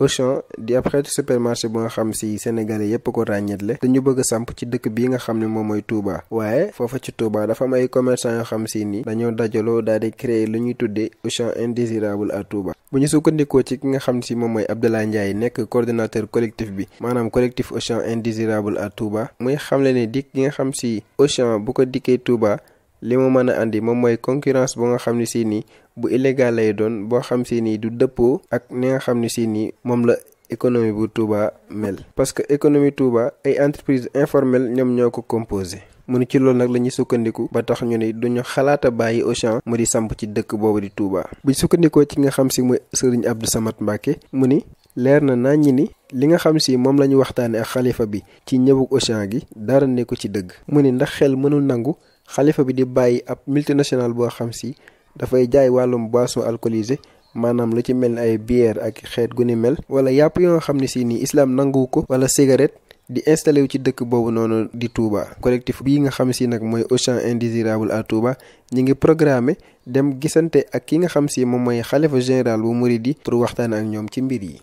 Auchan di ab xeetu supermarché bu nga xam si sénégalais yépp ko ràññeetle dañu bëgg samp ci dëkk bii nga xam ne moom mooy waaye foofa ci Touba dafa am ay commerçant yoo xam si ni dañoo dajaloo daal di créer lu ñuy tuddee Auchan indésirable à Touba bu ñu sukkandikoo ci ki nga xam si moom mooy Abdoulaye Ndiaye nekk coordinateur collectif bi maanaam collectif Auchan indésirable à Touba muy xamle ne dikk gi nga xam si Auchan bu ko dikkee Touba li mu mën a andi moom mooy concurrence bu nga xam ne si nii bu illégal lay doon boo xam si nii du dëppoo ak ni nga xam ne si nii moom la économie bu Touba mel. parce que économie Touba ay entreprise informelle ñoom ñoo ko composé. mu ni ci loolu nag la ñuy sukkandiku ba tax ñu ne duñu xalaata bàyyi Auchan mu di samp ci dëkk boobu di Touba. buñ sukkandikoo ci nga xam si mooy sëriñ ab Samad Mbacke mu ni leer na naa ñi ni li nga xam si moom la ñu waxtaanee ak xalifa bi ci ñëwug Auchan gi dara ne ci dëgg. mu ni ndax xel mënul nangu xalifa bi di bàyyi ab multinational boo xam si dafay jaay wàllum boisson alcoolisée maanaam lu ci mel ni ay bière ak xeet gu ni mel. wala yàpp yoo xam ne si nii islaam nanguwu ko. wala cigarette di installé wu ci dëkk boobu noonu di Touba. collectif bii nga xam si nag mooy Auchan indésirable à Touba ñu ngi programmé dem gisante ak ki nga xam si moom mooy xalifa général bu Mouride pour waxtaan ak ñoom ci mbir yi.